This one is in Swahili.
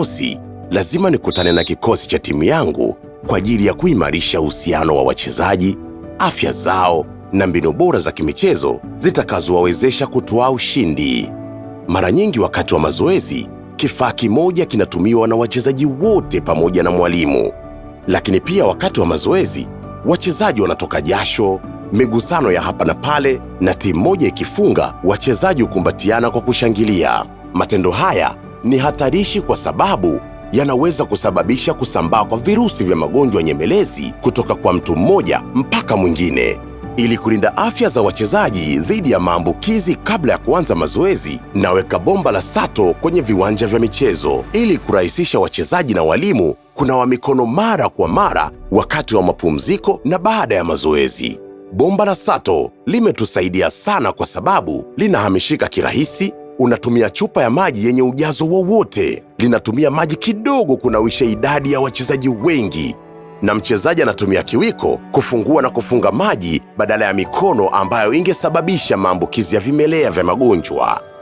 Mosi, lazima nikutane na kikosi cha timu yangu kwa ajili ya kuimarisha uhusiano wa wachezaji, afya zao na mbinu bora za kimichezo zitakazowawezesha kutoa ushindi. Mara nyingi wakati wa mazoezi, kifaa kimoja kinatumiwa na wachezaji wote pamoja na mwalimu. Lakini pia wakati wa mazoezi, wachezaji wanatoka jasho, migusano ya hapa na pale, na timu moja ikifunga, wachezaji hukumbatiana kwa kushangilia. Matendo haya ni hatarishi kwa sababu yanaweza kusababisha kusambaa kwa virusi vya magonjwa nyemelezi kutoka kwa mtu mmoja mpaka mwingine. Ili kulinda afya za wachezaji dhidi ya maambukizi kabla ya kuanza mazoezi, naweka bomba la sato kwenye viwanja vya michezo ili kurahisisha wachezaji na walimu kunawa mikono mara kwa mara wakati wa mapumziko na baada ya mazoezi. Bomba la sato limetusaidia sana kwa sababu linahamishika kirahisi unatumia chupa ya maji yenye ujazo wowote, linatumia maji kidogo kunawisha idadi ya wachezaji wengi, na mchezaji anatumia kiwiko kufungua na kufunga maji badala ya mikono ambayo ingesababisha maambukizi ya vimelea vya magonjwa.